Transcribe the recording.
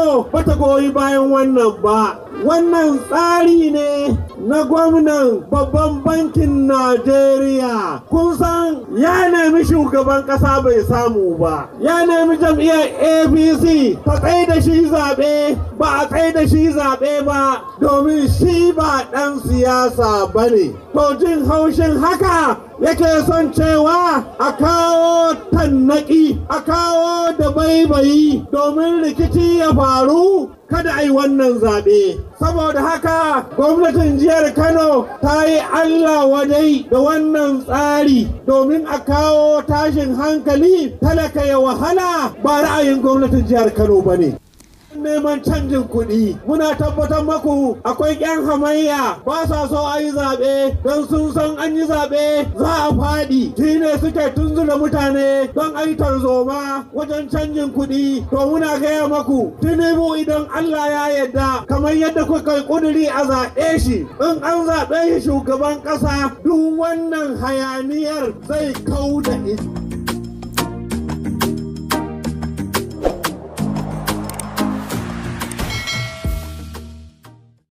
Kano ba goyi bayan wannan ba. Wannan tsari ne na gwamnan babban bankin Najeriya. Kun san ya nemi shugaban ƙasa bai samu ba. Ya nemi jam'iyyar APC ta tsaye da shi zaɓe ba a tsaye da shi zaɓe ba domin shi ba ɗan siyasa ba ne. To jin haushin haka yake son cewa a kawo ta naƙi a kawo da baibayi domin rikici ya faru kada a yi wannan zaɓe. Saboda haka gwamnatin jihar Kano ta yi Allah wadai da wannan tsari domin a kawo tashin hankali talaka ya wahala ba ra'ayin gwamnatin jihar Kano ba ne. neman canjin kuɗi. Muna tabbatar maku akwai 'yan hamayya ba sa so a yi zaɓe don sun san an yi zaɓe za a faɗi. Shi ne suke tunzula mutane don a yi tarzoma wajen canjin kuɗi. To muna gaya maku mu idan Allah ya yarda kamar yadda kuka ƙuduri a zaɓe shi. In an zaɓe shi shugaban ƙasa duk wannan hayaniyar zai kau da ita.